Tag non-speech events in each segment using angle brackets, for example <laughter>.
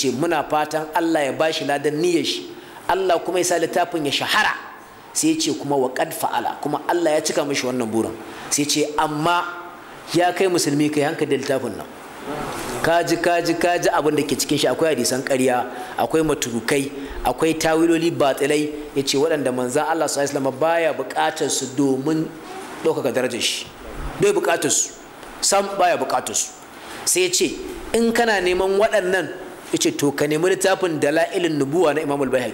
ce muna fatan Allah ya bashi ladan niyyar shi Allah kuma ya sa littafin ya shahara sai ce kuma wa qad fa'ala kuma Allah ya cika mishi wannan burin sai ce amma ya kai musulmi kai hankali da littafin nan kaji kaji kaji abin da ke cikin shi akwai hadisan ƙarya akwai maturukai akwai tawiloli batilai ya ce waɗanda manzan Allah su islam baya buƙatar su domin ɗaukaka darajar shi bai buƙatar su sam baya buƙatar su sai ce in kana neman waɗannan yace to ka nemi littafin dala'ilin nubuwa na imamul al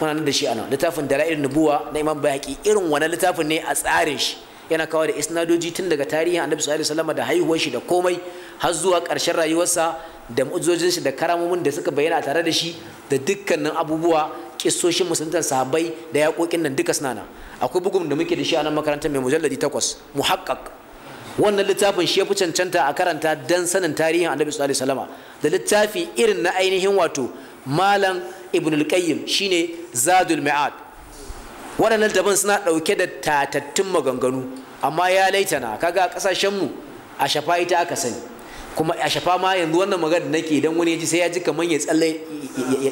wannan da shi anan littafin dala'ilin nubuwa na imam bayhaqi irin wani littafin ne a tsarin shi yana kawo da isnadoji tun daga tarihin annabi sallallahu alaihi wasallam da haihuwar shi da komai har zuwa ƙarshen rayuwarsa da mu'ujojin shi da karamomin da suka bayyana tare da shi da dukkanin abubuwa kissoshin musulunta sahabbai da yaƙoƙin nan duka suna nan akwai bugun da muke da shi a nan makarantar mai mujalladi takwas muhaqqaq wannan littafin shi ya fi cancanta a karanta dan sanin tarihin annabi sallallahu alaihi wasallam da littafi irin na ainihin wato malam ibn al-qayyim shine zadul mi'ad waɗannan littafin suna ɗauke da tatattun maganganu amma ya laitana kaga kasashen mu a shafa ita aka sani kuma a shafa ma yanzu wannan magana nake idan wani ya ji sai ya ji kamar ya tsalle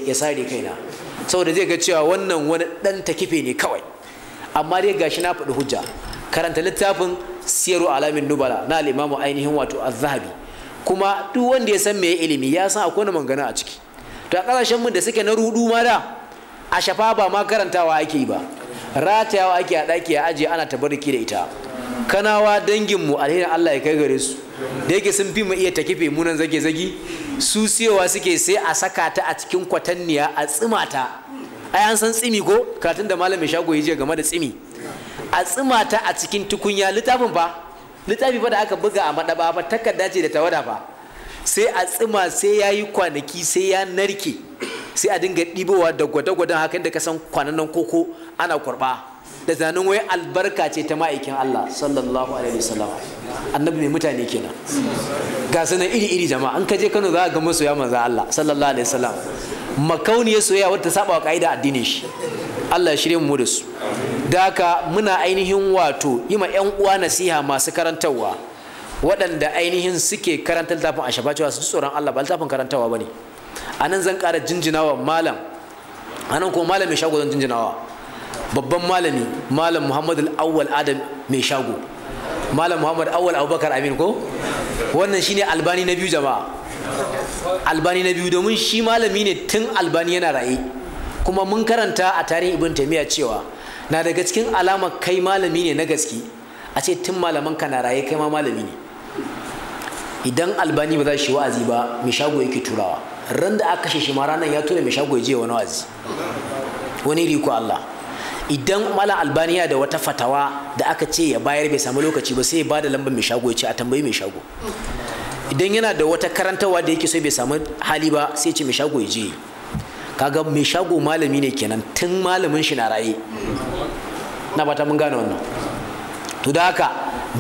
ya sare kaina saboda zai ga cewa wannan wani ɗan takife ne kawai amma dai gashi na faɗi hujja karanta littafin siyaru alamin nubala na al'imamu ainihin wato azhabi kuma duk wanda ya san me ilimi ya san akwai na mangana a ciki to a kasashen mu da suke na rudu ma da a shafa ba ma karantawa ake yi ba ratayawa ake a daki a ajiye ana tabarki da ita kanawa dangin mu alherin Allah ya kai gare su da yake sun fi mu iya takife munan zage zagi su siyowa suke sai a saka ta a cikin kwatanniya a tsimata. ta ai an san tsimi ko karatun da malamin shago ya je game da tsimi a tsima ta a cikin tukunya littafin ba littafi ba da aka buga a madaba ba takarda ce da tawada ba sai a tsima sai ya yi kwanaki sai ya narke sai a dinga ɗibowa da gwada-gwadan haka da ka san kwanan koko ana kurɓa da zanen wai albarka ce ta ma'aikin Allah sallallahu alaihi wasallam annabi mai mutane kenan ga su iri-iri jama'a an kaje Kano za ga masoya manzo Allah sallallahu alaihi wasallam makauniyar soyayya wata saba wa ka'ida addinin shi Allah ya shirye mu da su daka muna ainihin wato yi ma 'yan uwa nasiha masu karantarwa waɗanda ainihin suke karanta littafin a shafa cewa su tsoron Allah ba littafin karantarwa ba ne a nan zan ƙara jinjinawa malam a nan kuma malam mai shago zan jinjinawa babban malami malam muhammadu awwal adam mai shago malam muhammadu awwal abubakar amin ko wannan shine albani na biyu jama'a albani na biyu domin shi malami ne tun albani yana raye kuma mun karanta a tarihin ibn taimiyya cewa na daga cikin alamar kai malami ne na gaske a ce tun malaman ka na raye kai ma malami ne idan albani ba za shi wa'azi ba mai shago yake turawa ran da aka kashe shi ma ranar ya tura mai shago ya je wani wa'azi wani riko Allah idan mala albaniya da wata fatawa da aka ce ya bayar bai samu lokaci ba sai ya bada lambar mai shago ya ce a tambayi mai shago idan yana da wata karantarwa da yake so bai samu hali ba sai ce mai shago ya je kaga mai shago malami ne kenan tun malamin shi na raye na bata mun gane wannan to da haka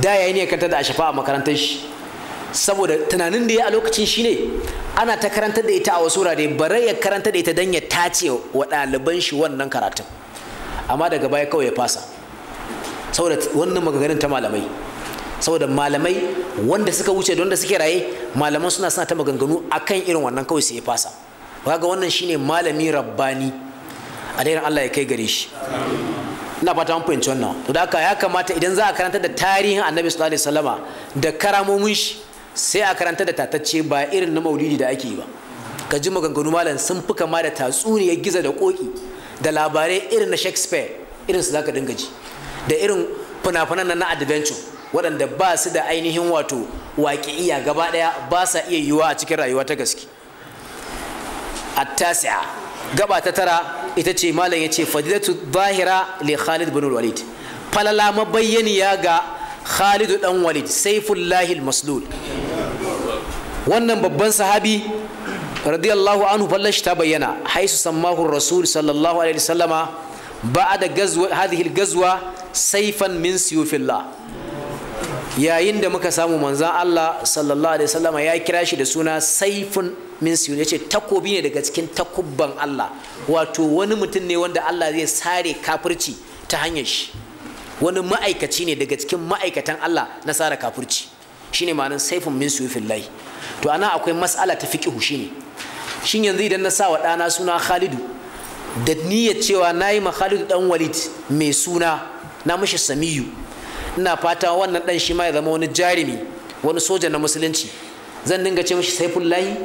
da yayi ne karanta da ashafa a makarantar shi saboda tunanin da ya a lokacin shine ana ta karantar da ita a wasu wurare bare ya karanta da ita dan ya tace wa ɗaliban shi wannan karatun amma daga baya kawai ya fasa saboda wannan maganganun ta malamai saboda malamai wanda suka wuce da wanda suke raye malaman suna suna ta maganganu akan irin wannan kawai sai ya fasa kaga wannan shine malami rabbani alairan Allah ya kai gare shi ina fata mun fahimci wannan to da haka ya kamata idan za a karanta da tarihin annabi sallallahu alaihi wasallama da karamomin shi sai a karanta da tatacce ba irin na maulidi da ake yi ba ka ji maganganu malam sun fi kama da tatsuniyar giza da koki da labarai irin na shakespeare irin su zaka dinga ji da irin fina-finan na adventure waɗanda ba su da ainihin wato waƙi'iya gaba ɗaya ba sa iya yiwuwa a cikin rayuwa ta gaske a tasiya gaba ta tara ita ce malam ya ce fadilatu zahira li khalid bin walid falala mabayyaniya ga khalidu dan walid saifullahi maslul wannan babban sahabi radiyallahu anhu fallashi ta bayyana haisu sammahu rasul sallallahu alaihi wasallama ba'da gazwa hadhihi gazwa saifan min siyufillah yayin da muka samu manzon Allah sallallahu alaihi wasallama ya kira shi da suna saifun min siyuni ce takobi ne daga cikin takubban Allah wato wani mutum ne wanda Allah zai sare kafirci ta hanyar shi wani ma'aikaci ne daga cikin ma'aikatan Allah na sare kafirci shine ma'anar saifin min suyufillah to ana akwai matsala ta fiqhu shine shin yanzu idan na sa wa ɗana suna Khalidu da niyyar cewa na yi ma Khalidu ɗan Walid mai suna na mishi Samiyu ina fata wannan ɗan shi ma ya zama wani jarumi wani soja na musulunci zan dinga ce mishi Saifullahi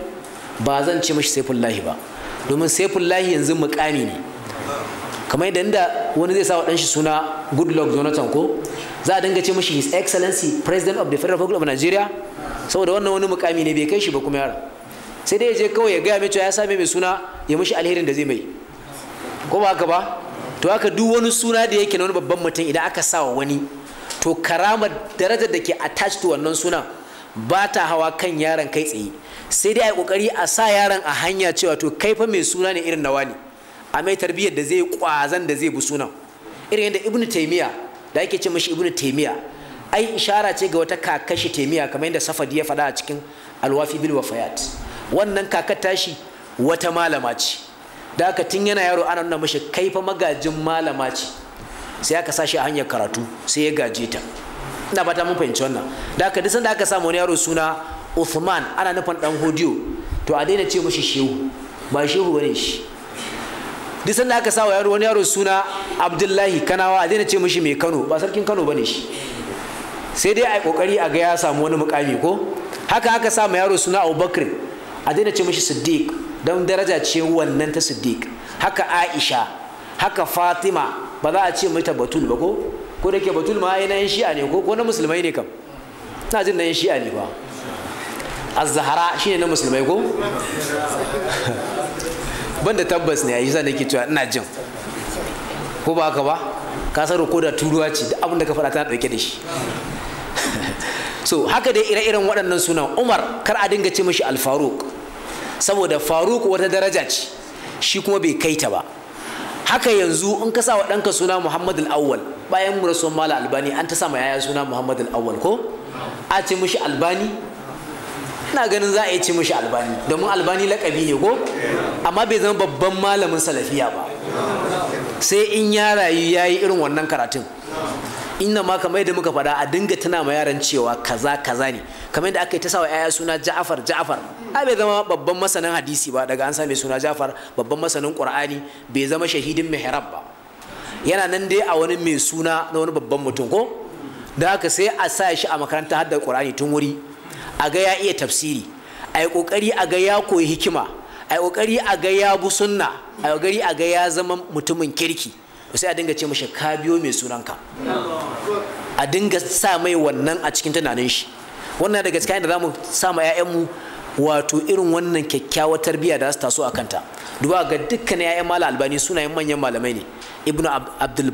ba zan ce mashi saifullahi ba domin saifullahi yanzu mukami ne kamar yadda inda wani zai sa wa shi suna goodluck jonathan ko za a dinga ce mashi his excellency president of the federal republic of nigeria saboda wannan wani mukami ne bai kai shi ba kuma yara sai dai ya je kawai ya gaya mai cewa ya same mai suna ya mashi alherin da zai mai ko ba haka ba to haka duk wani suna da yake na wani babban mutum idan aka sa wa wani to karamar darajar da ke attached to wannan suna ba ta hawa kan yaron kai tsaye sai dai a yi kokari a sa yaron a hanya cewa to kai fa mai suna ne irin nawa ne a mai tarbiyyar da zai kwazan da zai bi sunan irin yadda ibnu taimiya da ake ce mashi ibnu taimiya ai ishara ce ga wata kakashi taimiya kamar yadda safadi ya faɗa a cikin alwafi bil wafayat wannan kakar tashi wata malama ce da aka tun yana yaro ana nuna mashi kai fa magajin malama ce sai aka sa shi a hanyar karatu sai ya gaje ta ina fata mun fahimci wannan da aka duk sanda aka samu wani yaro suna Uthman ana nufin dan hodiyo to a daina ce mashi shehu ba shehu bane shi duk sanda aka sawa yaro wani yaro suna Abdullahi Kanawa a daina ce mashi mai Kano ba sarkin Kano bane shi sai dai a kokari a ga ya samu wani mukami ko haka aka sa mai yaro suna Abubakar a daina ce mashi Siddiq don daraja ce wannan ta Siddiq haka Aisha haka Fatima ba za a ce mata Batul ba ko ko da ke Batul ma yana na shi'a ne ko ko na musulmai ne kam na jin na yin shi'a ne ba azahara zahara ne na musulmai ko ban da tabbas ne a yi zan ke cewa ina jin ko ba haka ba ka san ko da turuwa ce da abin da ka faɗa tana ɗauke da shi <laughs> so haka dai ire-iren waɗannan sunan umar kar a dinga ce mashi alfaruk faruq saboda Faruk wata daraja ce shi kuma bai kai ta ba haka yanzu in ka sa wa ɗanka suna Muhammadu al bayan mu rasuwan mala albani an ta sa ma yaya suna muhammad al ko a ce mashi albani ina ganin za a yi ce mishi albani domin albani lakabi ne ko amma bai zama babban malamin salafiya ba sai in ya rayu ya yi irin wannan karatun inna ma kamar yadda muka faɗa a dinga tana ma yaran cewa kaza kaza ne kamar yadda aka yi ta sawa yaya suna Ja'far Ja'far a bai zama babban masanin hadisi ba daga an same suna Ja'far babban masanin Qur'ani bai zama shahidin mihrab ba yana nan dai a wani mai suna na wani babban mutum ko da haka sai a sa shi a makaranta hadda Qur'ani tun wuri a ga ya iya tafsiri a yi ƙoƙari a ga ya koyi hikima a yi ƙoƙari a ga ya bu sunna a yi ƙoƙari a ga ya zama mutumin kirki sai a dinga ce mashi ka biyo mai sunanka a dinga sa mai wannan a cikin tunanin shi wannan daga cikin da zamu sa ma mu, wato irin wannan kyakkyawar tarbiyya da za su taso a kanta duba ga dukkan 'ya'yan malam albani sunayen manyan malamai ne ibnu abdul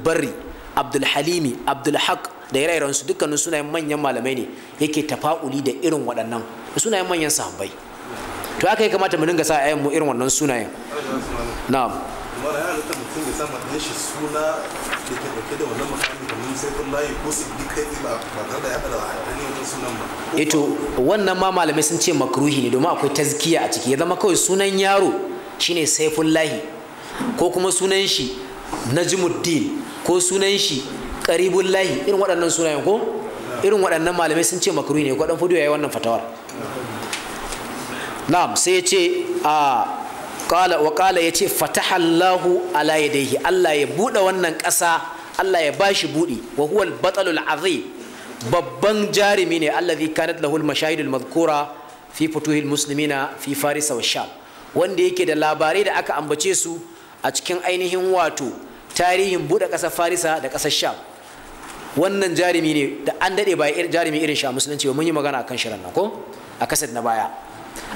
Abdulhalimi, abdul da ire su dukkanin sunayen manyan malamai ne yake tafa'uli da irin waɗannan sunayen manyan sahabbai to aka yi kamata mu dinga sa ayyan mu irin wannan sunayen na'am ito eh wannan ma malamai sun ce makruhi ne domin akwai tazkiya a ciki ya zama kawai sunan yaro shine saifullahi ko kuma sunan shi najmuddin ko sunan shi qaribul lahi irin waɗannan sunayen ko irin waɗannan malamai sun ce makruhi ne ko dan fudu yayi wannan fatawar na'am sai ya ce a qala wa qala yace fataha Allahu ala yadayhi Allah ya bude wannan ƙasa Allah ya bashi budi wa huwa al-batalul azim babban jarumi ne allazi kanat lahu al-mashahid al-madhkura fi futuhil muslimina fi farisa wa sham wanda yake da labarai da aka ambace su a cikin ainihin wato tarihin buɗe ƙasar farisa da ƙasar sham wannan jarumi ne da an daɗe ba jarumi irin sha musulunci ba mun yi magana akan shirin nan ko a kasad na baya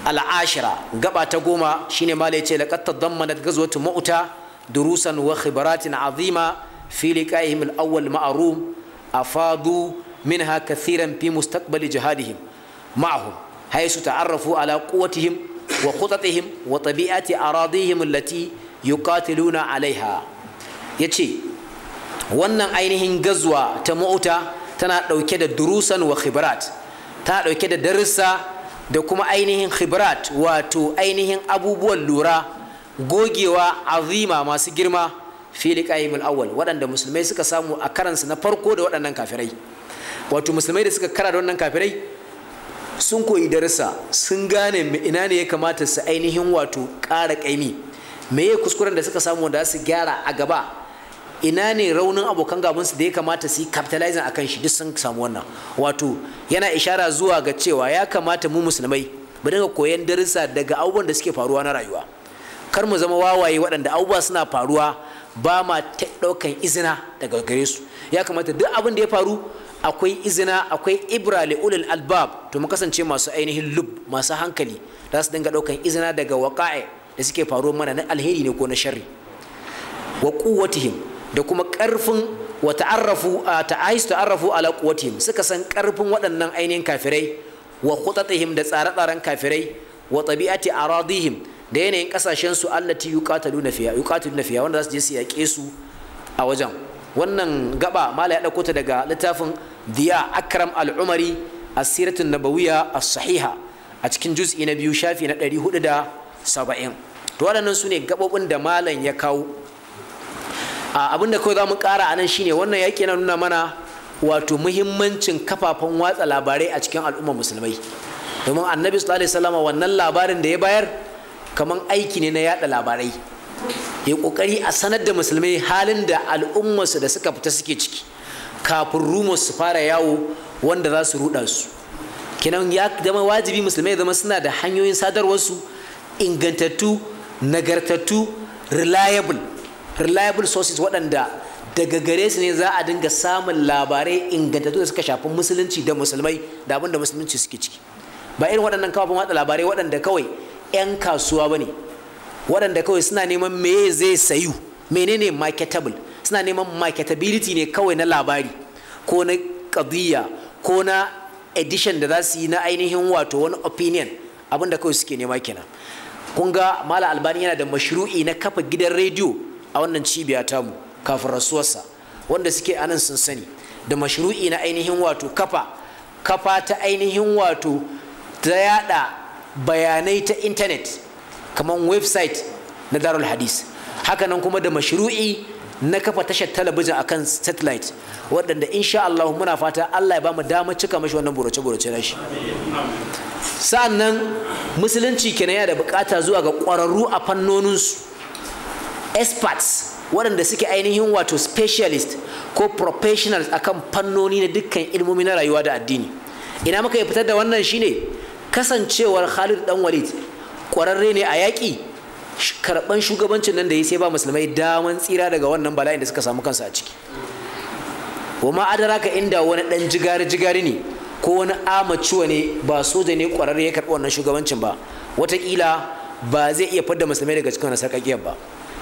al'ashira gaba ta goma shine mala yace laqad tadammanat ghazwatu mauta durusan wa khibaratin azima fi liqa'ihim al-awwal ma'a rum afadu minha kathiran fi mustaqbali jihadihim ma'ahum haythu ta'arrafu ala quwwatihim wa khutatihim wa tabi'ati aradihim allati yuqatiluna alaiha yace wannan ainihin gazuwa ta ma'uta tana ɗauke da durusan wa khibrat tana ɗauke da darussa da kuma ainihin khibrat wato ainihin abubuwan lura gogewa azima masu girma fili ƙayyimul awwal waɗanda musulmai suka samu a karansu na farko da waɗannan kafirai wato musulmai da suka kara da wannan kafirai sun koyi darussa sun gane ina ne ya kamata su ainihin wato ƙara ƙaimi me ya kuskuren da suka samu da su gyara a gaba ina ne raunin abokan gabansu da ya kamata su yi capitalizing akan shi duk sun samu wannan wato yana ishara zuwa ga cewa ya kamata mu musulmai mu dinga koyan darussa daga abubuwan da suke faruwa na rayuwa kar mu zama wawaye waɗanda abubuwa suna faruwa ba ma ta ɗaukan izina daga gare su ya kamata duk abin da ya faru akwai izina akwai ibra li ulul albab to mu kasance masu ainihin lub masu hankali za su dinga ɗaukan izina daga waƙa'i da suke faruwa mana na alheri ne ko na sharri wa kuwatihim da kuma ƙarfin wa ta'arrafu ta'ahis ta'arrafu ala quwwatihim suka san ƙarfin waɗannan ainihin kafirai wa khutatihim da tsare-tsaren kafirai wa tabi'ati aradihim da yanayin kasashen su allati yuqatiluna fiha yuqatiluna fiha wanda za su je su yaƙe su a wajen wannan gaba mala ya dauko ta daga littafin Diya Akram Al-Umari As-Siratun Nabawiyya As-Sahiha a cikin juz'i na biyu shafi na 470 to waɗannan su ne gabobin da malam ya kawo abin da kawai za mu ƙara a nan shine wannan yaƙi na nuna mana wato muhimmancin kafafen watsa labarai a cikin al'ummar musulmai domin annabi sallallahu alaihi wasallam wannan labarin da ya bayar kamar aiki ne na yada labarai ya kokari a sanar da musulmai halin da al'ummarsu da suka fita suke ciki kafin rumor su fara yawo wanda za su ruɗa su kenan ya zama wajibi musulmai zama suna da hanyoyin sadarwarsu ingantattu nagartattu reliable reliable sources waɗanda daga gare su ne za a dinga samun labarai ingantattu da suka shafi musulunci da musulmai da abin da musulunci suke ciki ba irin waɗannan kafafen watsa labarai waɗanda kawai 'yan kasuwa ba ne waɗanda kawai suna neman me zai sayu menene marketable suna neman marketability ne kawai na labari ko na ƙadiyya ko na edition da za su yi na ainihin wato wani opinion abin da kawai suke nema kenan kun ga mala albani yana da mashru'i na kafa gidan rediyo a wannan cibiya tamu kafin rasuwarsa wanda suke anan sun sani da mashru'i na ainihin wato kafa kafa ta ainihin wato ta yada bayanai ta intanet kamar website na darul hadis hakanan kuma da mashru'i na kafa tashar talabijin akan satellite waɗanda insha Allah muna fata Allah ya ba mu damar cika mashi wannan burace-burace na shi Sannan musulunci kenan yana da bukata zuwa ga ƙwararru a fannoninsu experts waɗanda suke ainihin wato specialist ko professionals akan fannoni na dukkan ilmomi na rayuwa da addini ina muka yi fitar da wannan shine kasancewar Khalid dan Walid ƙwararre ne a yaƙi karɓan shugabancin nan da ya sai ba musulmai daman tsira daga wannan bala'in da suka samu kansu a ciki wa ma ka inda wani ɗan jigari jigari ne ko wani amaciwa ne ba soja ne ƙwararre ya karɓi wannan shugabancin ba watakila ba zai iya fadda musulmai daga cikin wani sarƙaƙiyar ba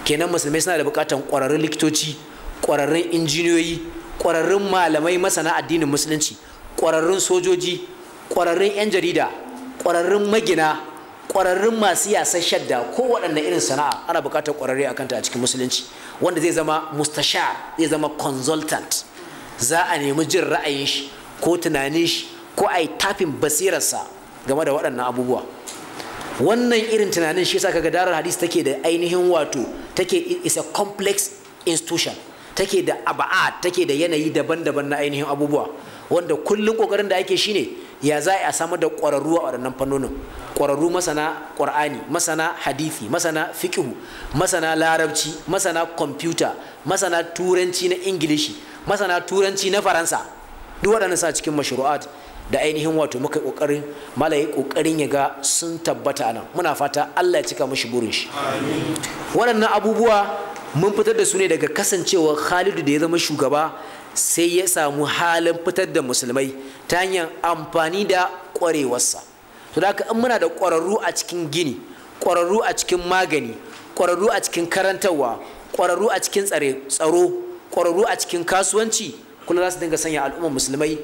kenan musulmai suna da bukatan kwararrun likitoci kwararrun injiniyoyi kwararrun malamai masana addinin musulunci kwararrun sojoji kwararrun 'yan jarida kwararrun magina kwararrun masu yasan shadda ko waɗanne irin sana'a ana bukatar kwararre a kanta a cikin musulunci wanda zai zama mustashar zai zama consultant za a nemi jin ra'ayin shi ko tunanin shi ko a yi tafin basirarsa game da waɗannan abubuwa wannan irin tunanin shi yasa kaga darar hadisi take da ainihin wato take is a complex institution take da aba'a take da yanayi daban-daban na ainihin abubuwa wanda kullum kokarin da ake shine ya za a samu da ƙwararru a waɗannan fannonin ƙwararru masana ƙur'ani masana hadithi masana fiqhu masana larabci masana kwamfuta masana turanci na ingilishi masana turanci na faransa duk waɗannan sa cikin mashru'at da ainihin wato muka yi kokarin malayi kokarin ya ga sun tabbata nan muna fata Allah ya cika mushi burin shi waɗannan abubuwa mun fitar da su ne daga kasancewar Khalidu da ya zama shugaba sai ya samu halin fitar da musulmai ta hanyar amfani da ƙwarewarsa to da haka in muna da ƙwararru a cikin gini ƙwararru a cikin magani ƙwararru a cikin karantarwa ƙwararru a cikin tsaro ƙwararru a cikin kasuwanci kula za su dinga sanya al'ummar musulmai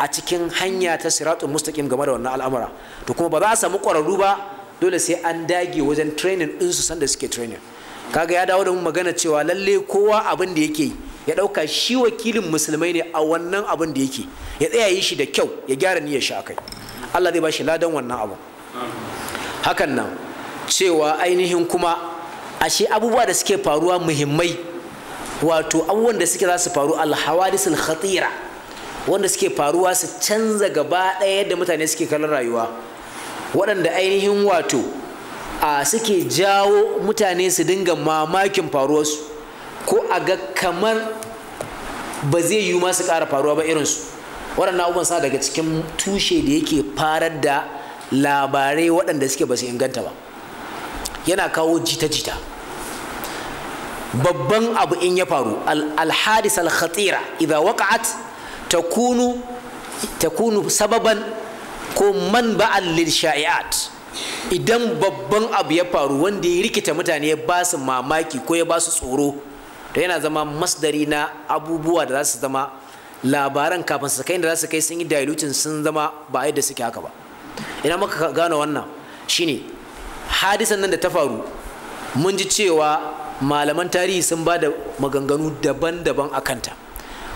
a cikin hanya ta siratun mustaqim game da wannan al'amura to kuma ba za a samu ƙwararru ba dole sai an dage wajen training din su sanda suke training kaga ya dawo da mu magana cewa lalle kowa abin da yake ya ɗauka shi wakilin musulmai ne a wannan abin da yake ya tsaya yi shi da kyau ya gyara niyyar shi akai Allah zai ba shi ladan wannan abu hakan nan cewa ainihin kuma ashe abubuwa da suke faruwa muhimmai wato abubuwan da suke za su faru alhawadisul khatira wanda suke faruwa su canza gaba ɗaya yadda mutane suke kallon rayuwa waɗanda ainihin wato a suke jawo mutane su dinga mamakin faruwarsu ko a ga kamar ba zai yiwu masu ƙara faruwa ba irinsu waɗannan abubuwan sa daga cikin tushe da yake farar da labarai waɗanda suke ba su inganta ba yana kawo jita-jita babban abu in ya faru al-hadis al-khatira idza takunu kunu sababan ko manba'an lil sha'i'at idan babban abu ya faru wanda ya rikita mutane ya ba su mamaki ko ya ba su tsoro to yana zama masdari na abubuwa da za su zama labaran kafin su kai da za su kai sun yi dilutin sun zama ba yadda suke haka ba idan muka gano wannan shine hadisan nan da ta faru mun ji cewa malaman tarihi sun ba da maganganu daban-daban a kanta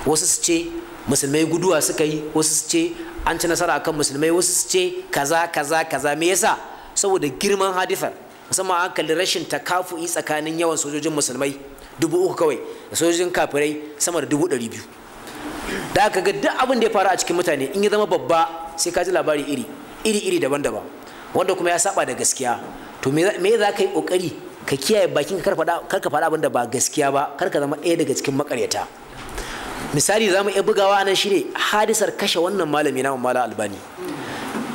wasu su ce musulmai guduwa suka yi wasu ce an ci nasara akan musulmai wasu su ce kaza kaza kaza me yasa saboda girman hadifar musamman an kalli rashin takafu'i tsakanin yawan sojojin musulmai dubu uku kawai da sojojin kafirai sama da dubu ɗari biyu da aka ga duk abin da ya faru a cikin mutane in ya zama babba sai ka ji labari iri iri iri daban-daban wanda kuma ya saba da gaskiya to me za ka yi kokari ka kiyaye bakin kar ka faɗa abin da ba gaskiya ba kar ka zama ɗaya daga cikin makaryata misali za mu iya bugawa nan ne hadisar kashe wannan malami na mala albani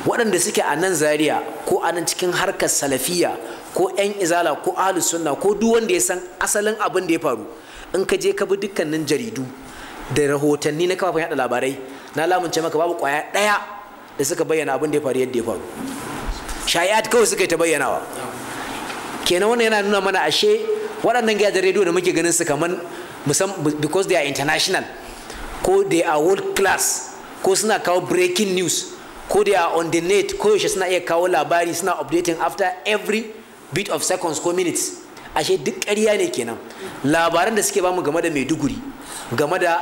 waɗanda suke a nan zaria ko a nan cikin harkar salafiya ko 'yan izala ko ahlus sunna ko duk wanda ya san asalin abin da ya faru in ka je ka bi dukkanin jaridu da rahotanni na kafafen yada labarai na lamunce maka babu kwaya ɗaya da suka bayyana abin da ya faru yadda ya faru shayat kawai suka yi ta bayyanawa kenan wannan yana nuna mana ashe waɗannan gidajen rediyo da muke ganin su kaman because they are international ko they a world class ko suna kawo breaking news ko they are on the net ko yaushe suna iya kawo labari suna updating after every bit of seconds ko minutes ashe duk ƙarya ne kenan labaran da suke bamu game da maiduguri game da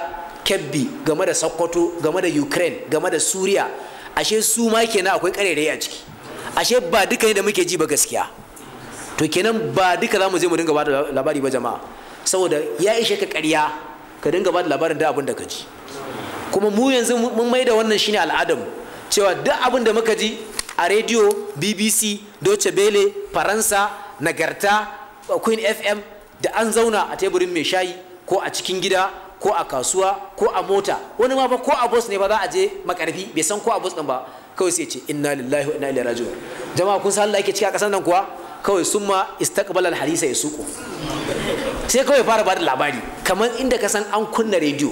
kebbi game da sokoto game da ukraine game da suriya ashe su ma kenan akwai ƙarairayi a ciki ashe ba duka ne da muke ji ba gaskiya to kenan ba duka za mu je mu dinga ba labari ba jama'a saboda ya ishe ka ƙarya ka dinga ba da labarin da abin da ka ji kuma mu yanzu mun mai da wannan shine al'adam cewa duk abin da muka ji a rediyo bbc Doce bele faransa nagarta queen fm da an zauna a teburin mai shayi ko a cikin gida ko a kasuwa ko a mota wani ma ba ko a bus ne ba za a je makarfi bai san ko a bus din ba kawai sai ce inna lillahi wa inna ilaihi raji'un jama'a kun san Allah yake ciki a kasan nan kuwa kawai sun ma istakbalar hadisa ya suko sai kawai fara bada labari kamar inda ka san an kunna rediyo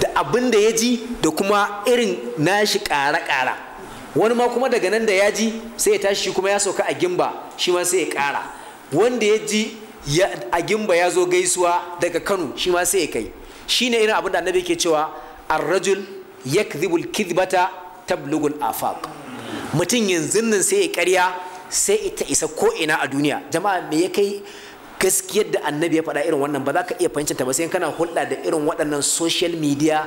da abin da ya ji da kuma irin nashi kara ƙara wani ma kuma daga nan da ya ji sai ya tashi kuma ya sauka a gimba shi ma sai ya ƙara wanda ya ji a gimba ya zo gaisuwa daga kano shi ma sai ya kai shi ne irin abin da annabi ke cewa arrajul yakdhibul kidbata tablugul afaq mutum yanzu nan sai ya karya sai ita isa ko ina a duniya jama'a me ya kai gaskiyar da annabi ya faɗa irin wannan ba za ka iya fahimtar ta ba sai kana hulɗa da irin waɗannan social media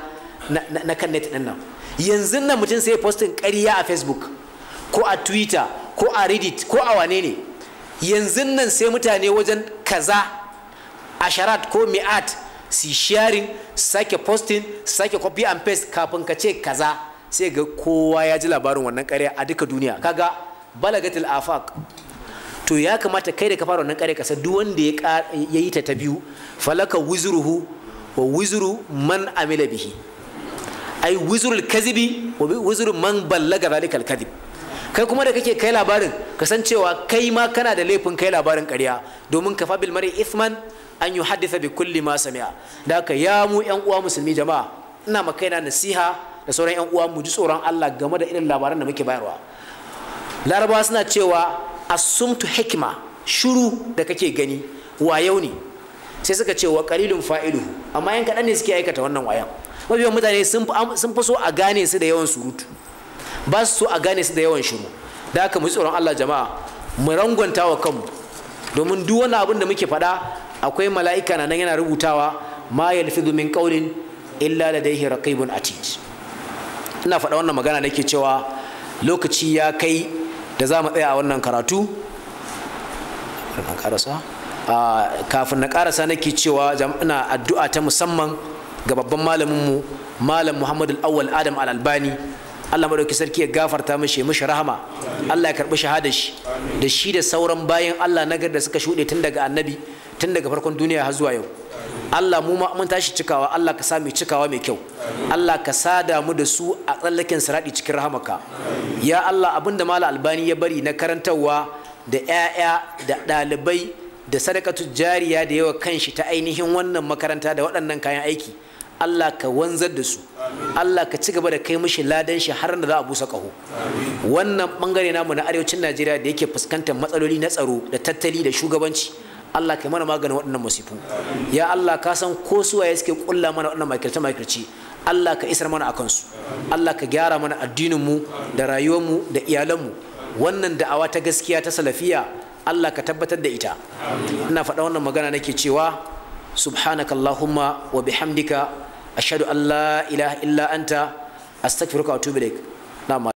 na kan net ɗin nan yanzu nan mutum sai postin ƙarya a facebook ko a twitter ko a reddit ko a wane ne yanzu nan sai mutane wajen kaza asharat ko mi'at si sharing sake posting sake copy and paste kafin ka ce kaza sai ga kowa ya ji labarin wannan ƙarya a duka duniya kaga balagatil afaq to ya kamata kai da ka fara wannan kare kasa duk wanda ya yi ta ta biyu falaka wuzruhu wa wuzru man amila bihi ai wuzrul kazibi wa wuzru man ballaga zalikal kadhib kai kuma da kake kai labarin cewa kai ma kana da laifin kai labarin ƙarya domin kafa bil mari ithman an yi haddisa bi kulli ma sami'a da haka ya mu yan uwa musulmi jama'a ina ma kaina nasiha da sauran yan uwa mu ji tsoron Allah game da irin labaran da muke bayarwa laraba suna cewa asumtu hikima shuru da kake gani wayau ne sai suka ce wa fa'ilu fa'iluhu amma yan kaɗan ne suke aikata wannan wayan mafi mutane sun fi so a gane su da yawan surutu ba su so a gane su da yawan shiru da haka mu tsoron Allah jama'a mu rangwanta wa kanmu domin duk wani abin da muke faɗa akwai mala'ika na nan yana rubutawa ma yalfidu domin qawlin illa bun a atid ina faɗa wannan magana nake cewa lokaci ya kai da za mu tsaya a wannan karatu kafin na karasa nake cewa ina addu'a ta musamman ga babban malaminmu malam muhammad al-awwal adam al-albani Allah madauki sarki ya gafarta mishi mishi rahama Allah ya karbi shahada shi da shi da sauran bayan Allah nagar da suka shuɗe tun daga annabi tun daga farkon duniya har zuwa yau Allah mu ma mun tashi cikawa Allah ka sa mu cikawa mai kyau Allah ka sada mu da su a tsallaken siradi cikin rahamaka ya Allah abinda mala albani ya bari na karantarwa da ƴaƴa da ɗalibai da sadakatu jariya da yawa kanshi ta ainihin wannan makaranta da waɗannan kayan aiki Allah ka wanzar da su Allah ka ci gaba da kai mishi ladan shi har da za a busa ƙaho wannan bangare namu na arewacin Najeriya da yake fuskantar matsaloli na tsaro da tattali da shugabanci Allah kai mana maganin waɗannan masifu ya Allah ka san ko suwaye suke kulla mana waɗannan makirce makirci Allah ka isar mana akan su Allah ka gyara mana addinin mu da rayuwar mu da iyalan mu wannan da'awa ta gaskiya ta salafiya Allah ka tabbatar da ita ina faɗa wannan magana nake cewa subhanakallahuma wa bihamdika ashhadu an la ilaha illa anta astaghfiruka wa atubu ilaik